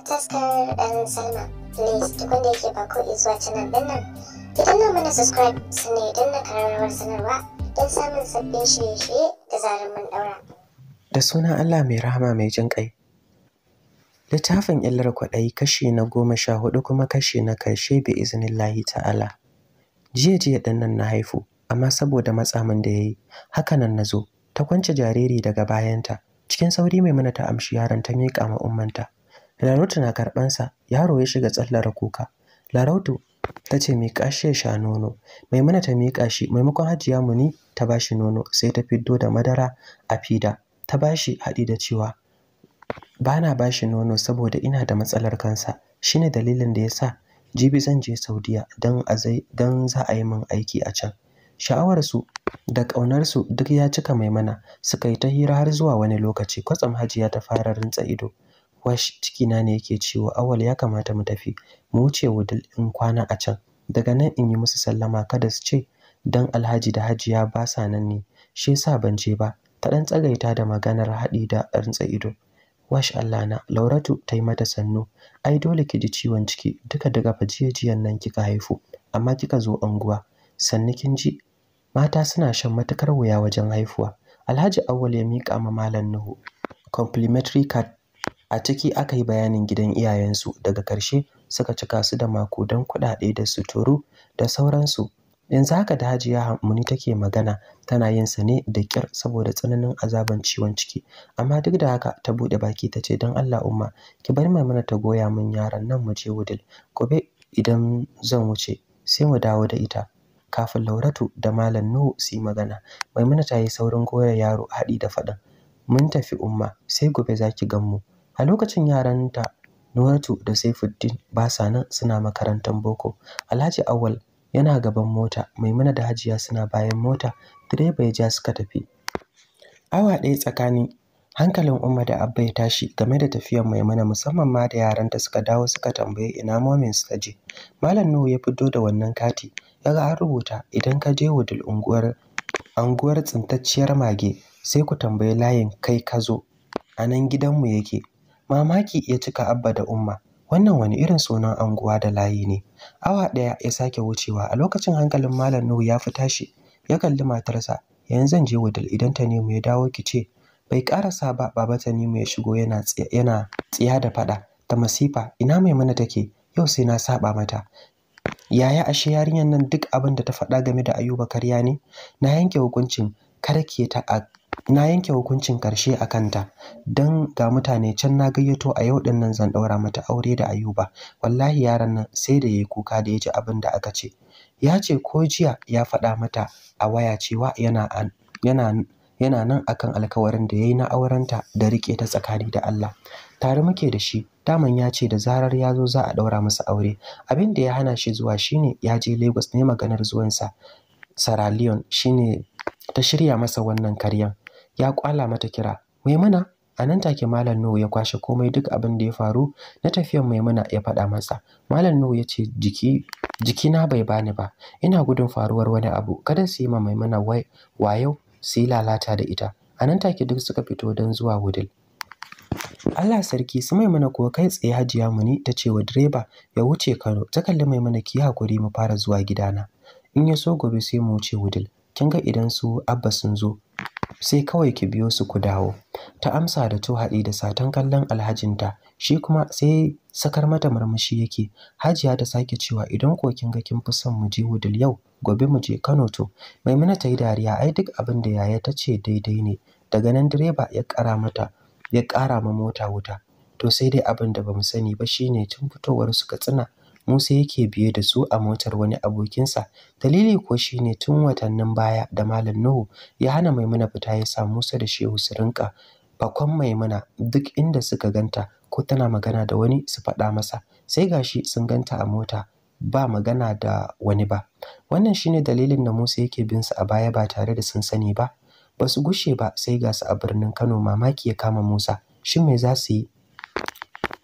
da taskar please duk wanda yake subscribe kararrawar sanarwa samun sabbin shirye-shirye da zarar allah mai rahama mai jin ƙai littafin illar kwaɗayi kashi na goma sha hudu kuma kashi na karshe bi izinin lahi ta'ala jiya jiya ɗan nan na haifu amma saboda matsamin da ya yi hakanan na zo ta kwance jariri daga bayanta cikin sauri mai mana ta amshi yaron ta miƙa ma Larautu na karɓansa, yaro ya shiga tsallar kuka. Larautu ta ce mai kashe sha nono. Maimuna ta miƙa shi, maimakon Hajiya Muni ta ba shi nono, sai ta fiddo da madara a fida. Ta ba shi haɗi da cewa ba na ba shi nono saboda ina da matsalar kansa. Shi ne dalilin da ya sa jibi zan je Saudiya don za a yi min aiki a can. Sha'awarsu da ƙaunarsu duk ya cika maimuna, suka yi ta hira har zuwa wani lokaci kwatsam Hajiya ta fara rintsa ido. wash cikina ne yake ciwo awal ya kamata mu tafi mu wuce wudil in kwana a can daga nan in yi musu sallama kada su ce dan alhaji da hajiya ba sa nan ne shi yasa ban je ba ta dan tsagaita da maganar haɗi da rantsa ido wash Allah na Lauratu ta yi mata sannu ai dole ki ji ciwon ciki duka daga fajiyajiyan nan kika haifu amma kika zo anguwa sannu kin ji mata suna shan matukar wuya wajen haifuwa Alhaji Awwal ya mika ma Malam Nuhu complimentary card A ciki aka yi bayanin gidan iyayensu daga ƙarshe suka cika su da mako makudan kuɗaɗe da suturu da sauransu. Yanzu haka da Hajiya Hammuni take magana tana yin sa ne da ƙyar saboda tsananin azaban ciwon ciki. Amma duk da haka ta buɗe baki ta ce don Allah umma ki bar Maimuna ta goya mun yaron nan mu je wudil. Gobe idan zan wuce sai mu dawo da ita. Kafin Lauratu da Malam Nuhu su yi magana, Maimuna ta yi saurin goya yaro haɗi da faɗin. Mun tafi umma sai gobe za ki gan mu. A lokacin yaranta Noratu da Saifuddin ba sa nan suna makarantar boko. Alhaji Awal yana gaban mota, Maimuna da Hajiya suna bayan mota, direba ya ja suka tafi. Awa ɗaya tsakani hankalin Umma da Abba ya tashi game da tafiyar Maimuna musamman ma da yaranta suka dawo suka tambaye ina momin su je. Malam Nuhu ya fito da wannan kati, ya ga an rubuta idan ka je wudil unguwar anguwar tsintacciyar mage sai ku tambayi layin kai ka zo. A nan gidanmu yake. mamaki ya cika abba da umma wannan wani irin sunan anguwa da layi ne awa ɗaya ya sake wucewa a lokacin hankalin malam nuhu ya fi tashi ya kalli matarsa yanzu zan je wadal idan ta nemo ya dawo ki ce bai karasa ba baba ta nemo ya shigo yana yana tsiya da faɗa, ta masifa ina maimuna take yau sai na saba mata yaya ashe yarinyar nan duk abin da ta faɗa game da ayuba karya ne na yanke hukuncin karke ta a na yanke hukuncin ƙarshe a kanta don ga mutane can na gayyato a yau din nan zan ɗaura mata aure da Ayuba wallahi yaran nan sai da yayi kuka da yaji abin da aka ce ya ce ko jiya ya faɗa mata a waya cewa yana yana yana nan akan alkawarin da yayi na aurenta da rike ta tsakani da Allah tare muke da shi daman ya ce da zarar ya zo za a daura masa aure abin da ya hana shi zuwa shine ya je Lagos ne maganar zuwansa Saraliyon Leone shine ta shirya masa wannan karyan ya kwala mata kira maimuna a nan take malam nuhu ya kwashe komai duk abin da ya faru na tafiyar maimuna ya faɗa masa malam nuhu ya ce jiki jikina bai bani ba ina gudun faruwar wani abu kada su yi ma maimuna wayo su yi lalata da ita a nan take duk suka fito don zuwa wudil Allah sarki su maimuna kuwa kai tsaye hajiya muni ta ce wa direba ya wuce Kano ta kalli maimuna ki hakuri mu fara zuwa gidana in ya so gobe sai mu wuce wudil kin ga idan su abba sun zo sai kawai ki biyo su ku dawo ta amsa da to da satan kallon alhajinta shi kuma sai sakar mata murmushi yake hajiya ta sake cewa idan ko kin ga kin fi son mu je wudul yau gobe mu je Kano to maimuna ta yi dariya ai duk abin da yaya ta ce daidai ne daga nan direba ya ƙara mata ya ƙara ma mota wuta to sai dai abin da bamu sani ba shine tun fitowar su tsina. Musa yake biye da su a motar wani abokinsa. Dalili ko shi ne tun watannin baya da Malam Nuhu ya hana Maimuna fita ya sa Musa da Shehu su rinka Bakon Maimuna duk inda suka ganta ko tana magana da wani su faɗa masa. Sai ga shi sun ganta a mota ba magana da wani ba. Wannan shi ne dalilin da Musa yake bin su a baya ba tare da sun sani ba. Ba su gushe ba sai ga su a birnin Kano mamaki ya kama Musa. Shin me za su yi?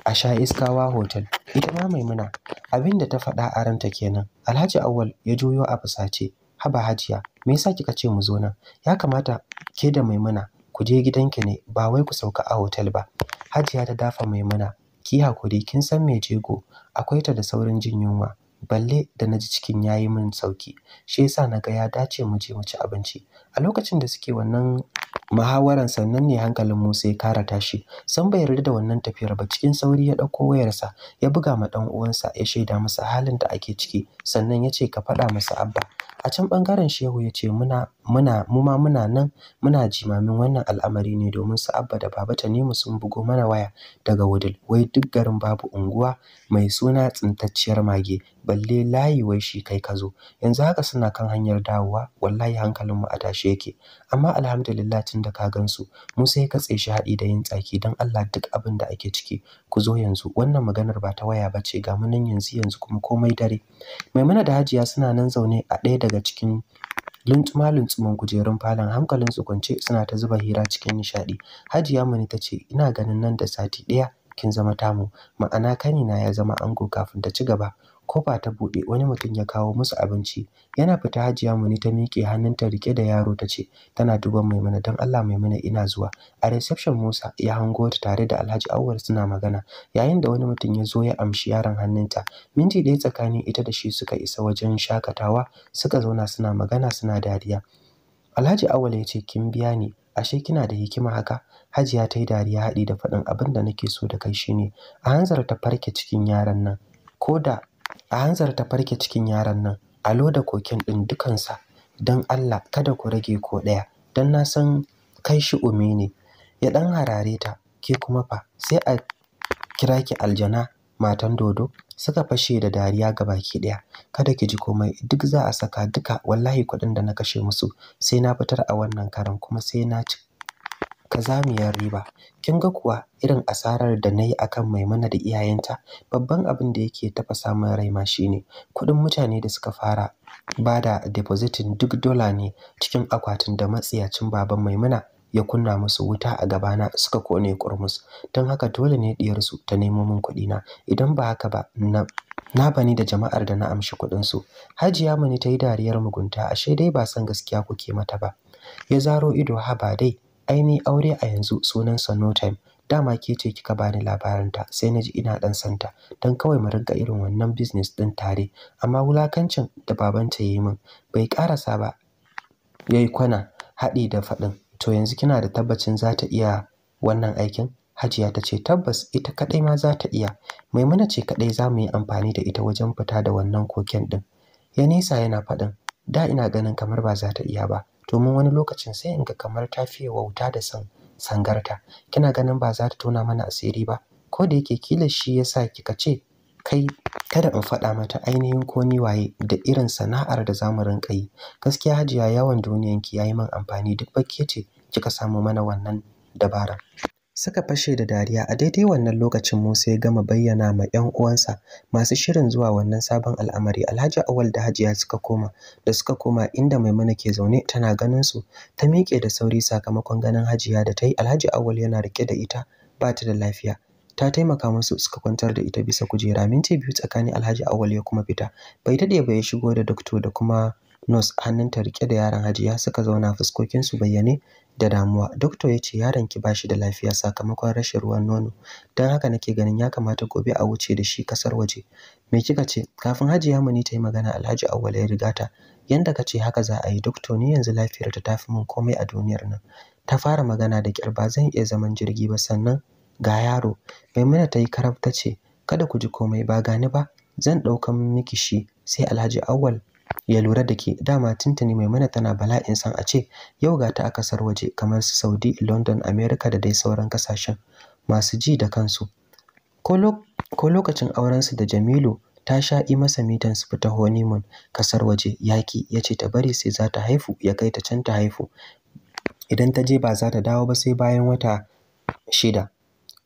A sha iskawa hotel. ita ma maimuna abin da ta faɗa a ranta kenan alhaji awwal ya juyo a fusace haba hajiya me yasa kika ce mu zo nan ya kamata ke da maimuna ku je gidanki ne ba wai ku sauka a hotel ba hajiya ta dafa maimuna ki hakuri kin san me jego akwai ta da saurin jin yunwa balle da naji cikin yayi min sauki shi yasa na ga ya dace mu je mu ci abinci a lokacin da suke wannan muhawaran sannan ne hankalin Musa ya kara tashi san bai yarda da wannan tafiyar ba cikin sauri ya ɗauko wayarsa ya buga ma ɗan uwansa ya shaida masa halin da ake ciki sannan ya ce ka faɗa masa abba a can ɓangaren shehu ya ce muna muna mu ma muna nan muna jimamin wannan al'amari ne domin su abba da baba ta Tanimu sun bugo mana waya daga wudil wai duk garin babu unguwa mai suna tsintacciyar mage balle layi wai shi kai ka zo yanzu haka suna kan hanyar dawowa wallahi hankalinmu a tashi yake amma alhamdulillah lokacin da ka gan su, Musa ya katse shi haɗi da yin tsaki don Allah duk abin da ake ciki ku zo yanzu wannan maganar ba ta waya ba ce ga mu nan yanzu yanzu kuma komai dare Maimuna da Hajiya suna nan zaune a ɗaya daga cikin luntuma luntuman kujerun falon hankalin su kwance suna ta zuba hira cikin nishaɗi Hajiya Mani ta ce ina ganin nan da sati ɗaya kin zama tamu ma'ana kanina ya zama ango kafin ta ci gaba kofa ta buɗe wani mutum ya kawo musu abinci yana fita hajiya muni ta miƙe hannunta rike da yaro ta ce tana duban maimuna don allah maimuna ina zuwa a reception musa ya hango ta tare da alhaji awwal suna magana yayin da wani mutum ya zo ya amshi yaron hannunta minti ɗaya tsakanin ita da shi suka isa wajen shakatawa suka zauna suna magana suna dariya alhaji awwal ya ce kin biya ni ashe kina da hikima haka hajiya ta yi dariya haɗi da faɗin abin da nake so da kai shine a hanzar ta farke cikin yaran nan ko da a hanzarta farke cikin yaron nan alo da kokin ɗin dukansa don allah kada ku rage ko ɗaya don na san kai shi umi ne ya ɗan harare ta ke kuma fa sai a kira ki aljana matan dodo suka fashe da dariya ga baki ɗaya kada ki ji komai duk za a saka duka wallahi kuɗin da na kashe musu sai na fitar a wannan karan kuma sai na ci kazamiyar riba kin ga kuwa irin asarar da na yi akan maimuna da iyayenta babban abin da yake tafasa min rai ma shine kuɗin mutane da suka fara ba da depositin duk dola ne cikin akwatin da matsiyacin baban maimuna ya kunna musu wuta a gabana suka kone kurmus don haka dole ne diyarsu ta nemo min na, idan ba haka ba na na bani da jama'ar da na amshi kuɗinsu hajiya mani ta yi dariyar mugunta ashe dai ba san gaskiya kuke mata ba ya zaro ido haba dai ai ni aure a yanzu sunansa no time dama ke ce kika bani ta sai na ji ina dan santa dan kawai mu rinka irin wannan business din tare amma wulakancin da babanta ya yi min bai karasa ba yayi kwana hadi da faɗin to yanzu kina da tabbacin za ta iya wannan aikin hajiya ta ce tabbas ita kaɗai ma za ta iya maimuna ce kaɗai za mu yi amfani da ita wajen fita da wannan koken ɗin ya nisa yana faɗin da ina ganin kamar ba za ta iya ba domin wani lokacin sai in ga kamar ta fiye wauta da san sangarta kina ganin ba za ta tona mana asiri ba ko da yake kila shi yasa kika ce kai kada in faɗa mata ainihin ko ni waye da irin sana'ar da zamu rinka yi gaskiya hajiya yawan duniyanki yi min amfani duk bakke ce kika samo mana wannan dabarar suka fashe da dariya a daidai wannan lokacin Musa ya gama bayyana ma 'yan uwansa masu shirin zuwa wannan sabon al'amari Alhaji Awal da Hajiya suka koma da suka koma inda Maimuna ke zaune tana ganin su ta miƙe da sauri sakamakon ganin Hajiya da ta yi Alhaji Awal yana rike da ita ba ta da lafiya ta taimaka musu suka kwantar da ita bisa kujera minti biyu tsakanin Alhaji Awal ya kuma fita bai daɗe ba ya shigo da dokto da kuma nos hannunta rike da yaran Hajiya suka zauna fuskokinsu bayyane da damuwa. Doctor ya ce ki ba shi da lafiya sakamakon rashin ruwan nono. Don haka nake ganin ya kamata gobe a wuce da shi kasar waje. Me kika ce? Kafin Hajiya Mani ta yi magana Alhaji awwal ya riga ta. Yanda ka ce haka za a yi doctor ni yanzu lafiyarta ta fi min komai a duniyar nan. Ta fara magana da ƙyar zan iya zaman jirgi ba sannan ga yaro. Maimuna ta yi karab ta ce kada ku ji komai ba gani ba zan ɗaukan miki shi sai Alhaji Auwal ya lura da ke dama tintini maimuna tana bala'in san a ce yau ga ta a kasar waje kamar su saudi london america da dai sauran kasashen masu ji da kansu ko lokacin aurensu da jamilu ta sha yi masa mitan su fita honeymoon kasar waje yaki ya ce ta bari sai za ta haifu ya kai ta can ta haifu idan ta je ba za ta dawo ba sai bayan wata shida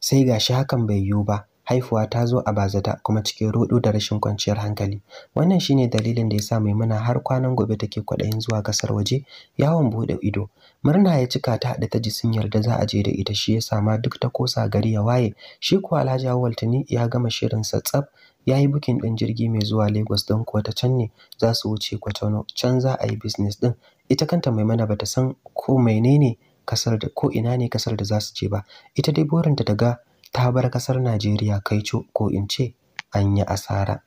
sai gashi hakan bai yiwu ba haifuwa ta zo a bazata kuma cikin rudu da rashin kwanciyar hankali wannan shine dalilin da yasa maimuna har kwanan gobe take kwaɗayin zuwa kasar waje yawon bude ido murna ya cika ta da ta ji sun yarda za a je da ita shi yasa ma duk ta kosa gari ya waye shi kuwa Alhaji Awal ya gama shirin sa tsaf ya yi bukin ɗin jirgi mai zuwa Lagos don kuwa ta can ne za su wuce Kwatano can za a yi business ɗin ita kanta maimuna bata san ko menene kasar da ko ina ne kasar da za su je ba ita dai burinta ta ga ta bar ƙasar Najeriya kai co ko in ce an yi asara.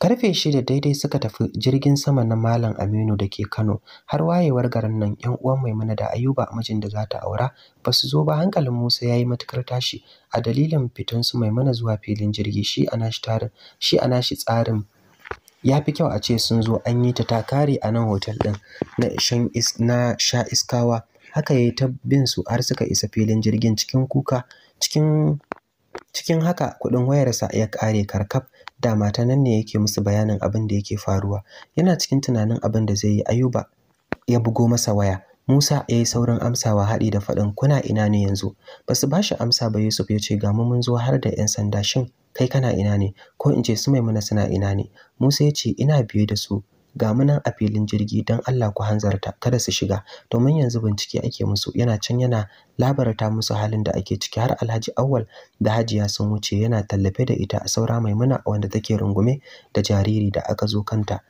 Karfe shida daidai suka tafi jirgin sama na Malam Aminu da ke Kano har wayewar garin nan ‘yan uwan Maimuna da Ayuba mijin da za ta aura ba su zo ba hankalin Musa ya yi matukar tashi a dalilin fitan su Maimuna zuwa filin jirgi shi a nashi tarin shi a nashi tsarin ya fi kyau a ce sun zo an yi ta takare a nan hotel ɗin na sha iskawa haka ya yi ta bin su har suka isa filin jirgin cikin kuka cikin haka kuɗin wayarsa ya ƙare karkaf da mata nan ne yake musu bayanin abin da yake faruwa yana cikin tunanin abin da zai yi ayuba ya bugo masa waya musa ya yi saurin amsawa haɗi da faɗin kuna ina ne yanzu ba su ba shi amsa ba yusuf ya ce ga mu mun zo har da 'yan sanda shin kai kana ina ne ko in ce su maimuna suna ina ne musa ya ce ina biye da su ga mu nan a filin jirgi don Allah ku hanzarta kada su shiga domin yanzu bincike ake musu yana can yana labarta musu halin da ake ciki har Alhaji Awwal da Hajiya sun wuce yana tallafe da ita a saura Maimuna wanda take rungume da jariri da aka zo kanta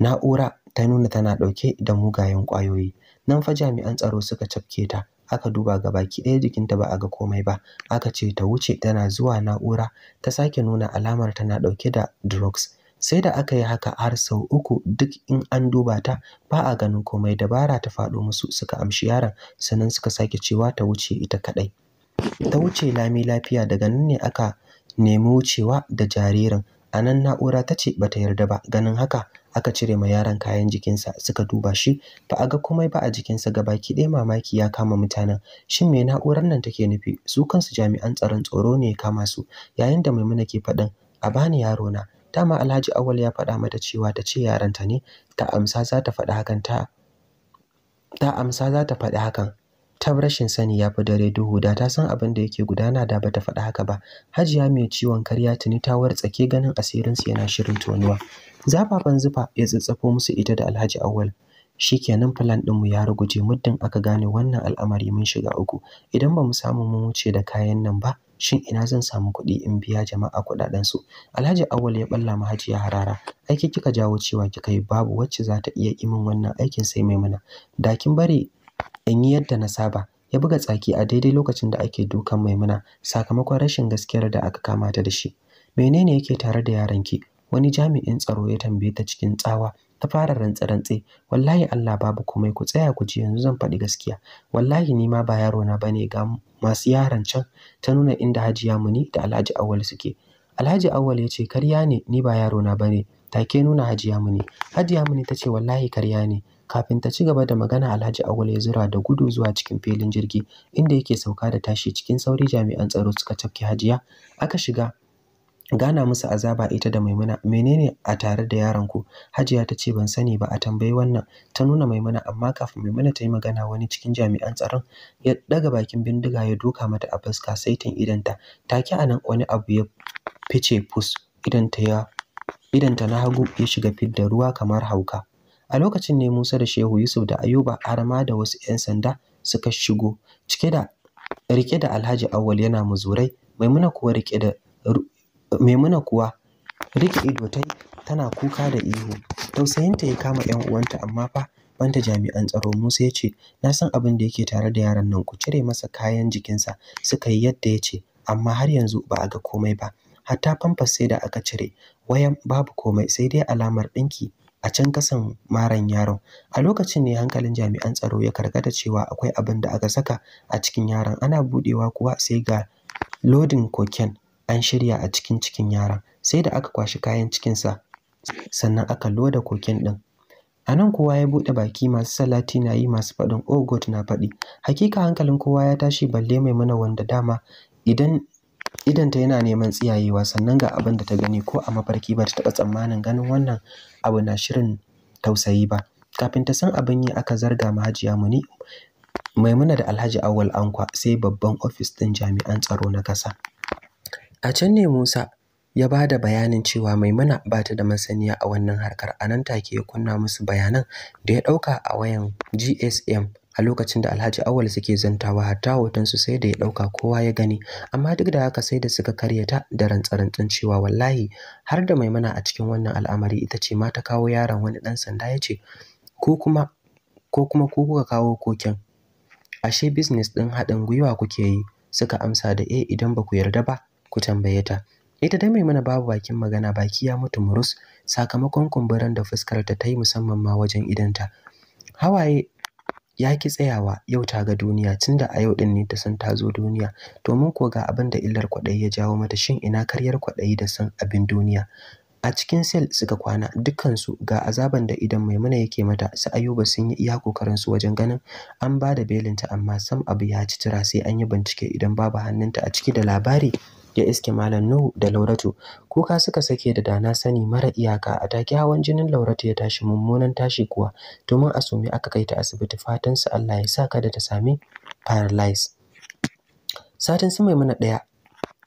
na'ura ta nuna tana dauke da mugayen kwayoyi nan fa jami'an tsaro suka cafke ta aka duba ga baki ɗaya jikinta ba a ga komai ba aka ce ta wuce tana zuwa na'ura ta sake nuna alamar tana ɗauke da drugs sai da aka yi haka har sau uku duk in an duba ta ba a ganin komai dabara ta faɗo musu suka amshi yaron sannan suka sake cewa ta wuce ita kaɗai ta wuce lami lafiya daga nan ne aka nemi wucewa da jaririn a nan na'ura ta ce bata yarda ba ganin haka aka cire ma yaron kayan jikinsa suka duba shi ba a ga komai ba a jikinsa baki ɗaya mamaki ya kama mutanen shin me na'urar nan take nufi su kansu jami'an tsaron tsoro ne ya kama su yayin da maimuna ke faɗin a bani yaro na dama alhaji awal ya faɗa mata cewa ta ce yaranta ne ta amsa za ta faɗi hakan ta ta amsa za ta faɗi hakan ta rashin sani ya fi dare duhu da ta san abin da yake gudana da bata faɗi haka ba hajiya mai ciwon karya tuni ta wartsake ganin asirinsu yana shirin tonuwa zafafan zufa ya tsatsafo musu ita da alhaji awal shikenan plan ɗinmu ya ruguje muddin aka gane wannan al'amari mun shiga uku idan ba mu samu mun wuce da kayan nan ba shin ina zan samu kuɗi in biya jama'a kuɗaɗen su alhaji awwal ya balla mahajiya harara aiki kika jawo cewa kika yi babu wacce za ta iya imin wannan aikin sai maimuna da kin bari in yi yadda na saba ya buga tsaki a daidai lokacin da ake dukan maimuna sakamakon rashin gaskiyar da aka kama ta da shi menene yake tare da yaranki wani jami'in tsaro ya tambaye ta cikin tsawa ta fara rantse-rantse wallahi Allah babu komai ku tsaya ku ji yanzu zan faɗi gaskiya wallahi ni ma ba yaro na bane ga masu yaran can ta nuna inda Hajiya Muni da Alhaji Awwal suke Alhaji Awwal ya ce karya ne ni ba yaro na bane take nuna Hajiya Muni Hajiya Muni ta ce wallahi karya ne kafin ta ci gaba da magana Alhaji Awwal ya zura da gudu zuwa cikin filin jirgi inda yake sauka da tashi cikin sauri jami'an tsaro suka tafke Hajiya aka shiga gana musu azaba ita da maimuna menene a tare da yaron hajiya ta ce ban sani ba a tambayi wannan ta nuna maimuna amma kafin maimuna ta yi magana wani cikin jami'an tsaron ya daga bakin bindiga ya doka mata a fuska saitin idanta Taki a nan wani abu ya fice fus idanta na hagu ya shiga fidda ruwa kamar hauka a lokacin ne Musa da Shehu Yusuf da Ayuba har ma da wasu 'yan sanda suka shigo cike da rike da Alhaji Awwal yana muzurai Maimuna kuwa rike da maimuna kuwa rike ido tai tana kuka da ihu tausayinta ya kama yan uwanta amma fa banta jami'an tsaro Musa ya ce na san abin da yake tare da yaran nan ku cire masa kayan jikinsa suka yi yadda ya ce amma har yanzu ba a ga komai ba hatta famfas sai da aka cire wayan babu komai sai dai alamar ɗinki a can kasan maran yaron a lokacin ne hankalin jami'an tsaro ya karkata cewa akwai abin da aka saka a cikin yaron ana budewa kuwa sai ga lodin cocaine an shirya a cikin cikin yaran sai da aka kwashi kayan cikinsa sannan aka loda kokin ɗin a nan kowa ya buɗe baki masu salati na yi masu faɗin oh god na faɗi hakika hankalin kowa ya tashi balle mai mana wanda dama idan idanta yana neman tsiyayewa sannan ga abin da ta gani ko a mafarki ba ta taɓa tsammanin ganin wannan abu na shirin tausayi ba kafin ta san abin yi aka zarga mahajiya muni maimuna da alhaji awal ankwa sai babban ofis ɗin jami'an tsaro na kasa A can ne Musa ya ba da bayanin cewa Maimuna ba ta da masaniya a wannan harkar a nan take ya kunna musu bayanan da ya ɗauka a wayan GSM a lokacin da Alhaji Awal suke zantawa hatta hotonsu sai da ya ɗauka kowa ya gani amma duk da haka sai da suka karyata da rantsarantsan cewa wallahi har da Maimuna a cikin wannan al'amari ita ce ma ta kawo yaron wani ɗan sanda ya ce ko kuma ko kuma ko kuka kawo koken ashe business ɗin haɗin gwiwa kuke yi suka amsa da eh idan ba ku yarda ba ku tambaye ta ita dai mai mana babu bakin magana baki ya mutu murus sakamakon kumburin da fuskar ta ta yi musamman ma wajen idanta hawaye ya ki tsayawa yau ta ga duniya tunda a yau din ne ta san ta zo duniya domin ko ga abin da illar kwaɗayi ya jawo mata shin ina karyar kwaɗayi da san abin duniya a cikin sel suka kwana dukkansu ga azaban da idan maimuna yake mata su ayuba sun yi iya kokarin su wajen ganin an ba da belinta amma sam abu ya ci tira sai an yi bincike idan babu hannunta a ciki da labari ya iske Malam Nuhu da Lauratu. Kuka suka sake da dana sani mara iyaka a take hawan jinin Lauratu ya tashi mummunan tashi kuwa domin a sumi aka kai ta asibiti fatan su Allah ya sa kada ta sami paralyze. Satin su mai mana ɗaya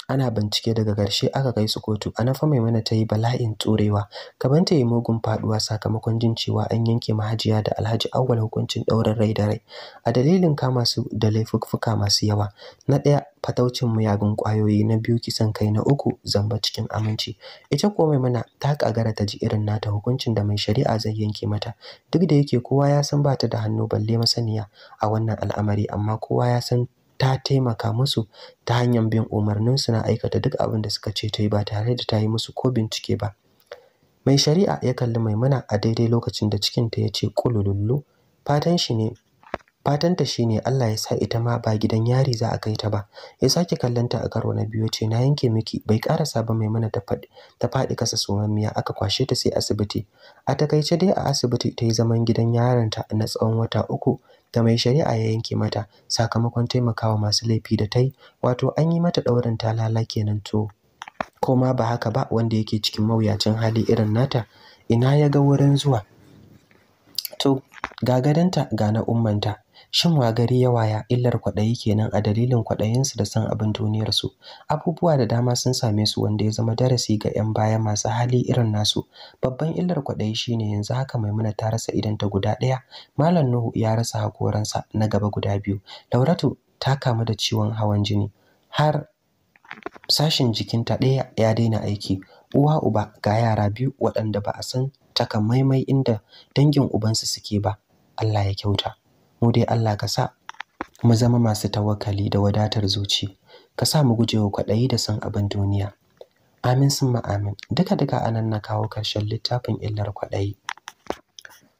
ana bincike daga ƙarshe aka kai su kotu a nafa maimuna ta yi bala'in turewa gaban ta yi mugun faduwa sakamakon jin cewa an yanke mahajiya da alhaji awwal hukuncin ɗaurin rai da rai a dalilin kama su da laifuffuka masu yawa na ɗaya fataucin muyagun ƙwayoyi na biyu kisan kai na uku zamba cikin aminci ita kuwa maimuna ta ƙagara ta ji irin nata hukuncin da mai shari'a zai yanke mata duk da yake kowa ya san bata da hannu balle masaniya a wannan al'amari amma kowa ya san ta taimaka musu ta hanyar bin umarnin su na aikata duk abin da suka ce ta yi ba tare da ta yi musu ko bincike ba mai shari'a ya kalli maimuna a daidai lokacin da cikinta ya ce kululullu fatan shi ne fatanta shine Allah ya sa ita ma ba gidan yari za a kai ta ba ya sake kallanta a karo na biyu ce na yanke miki bai karasa ba maimuna ta faɗi ta faɗi kasa somammiya aka kwashe ta sai asibiti a takaice dai a asibiti ta yi zaman gidan ta na tsawon wata uku da mai shari'a ya yanke mata sakamakon taimakawa masu laifi da ta yi wato an yi mata ɗaurin talala kenan to ko ma ba haka ba wanda yake cikin mawuyacin hali irin nata ina ya ga wurin zuwa to ga gadonta ga na ummanta shin wa gari ya waya illar kwaɗayi kenan a dalilin kwaɗayinsu da san abin duniyarsu abubuwa da dama sun same su wanda ya zama darasi ga 'yan baya masu hali irin nasu babban illar kwaɗayi shine yanzu haka maimuna ta rasa ta guda ɗaya malam nuhu ya rasa hakoransa na gaba guda biyu lauratu ta kamu da ciwon hawan jini har sashin jikinta ɗaya ya daina aiki uwa uba ga yara biyu waɗanda ba a san takamaimai inda dangin ubansu suke ba Allah ya kyauta mu dai Allah ka sa mu zama masu tawakkali da wadatar zuci ka sa mu gujewa kwaɗayi da san abin duniya amin summa amin duka duka anan na kawo karshen littafin illar kwaɗayi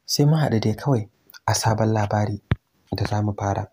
sai mu haɗu dai kawai a sabon labari da za mu fara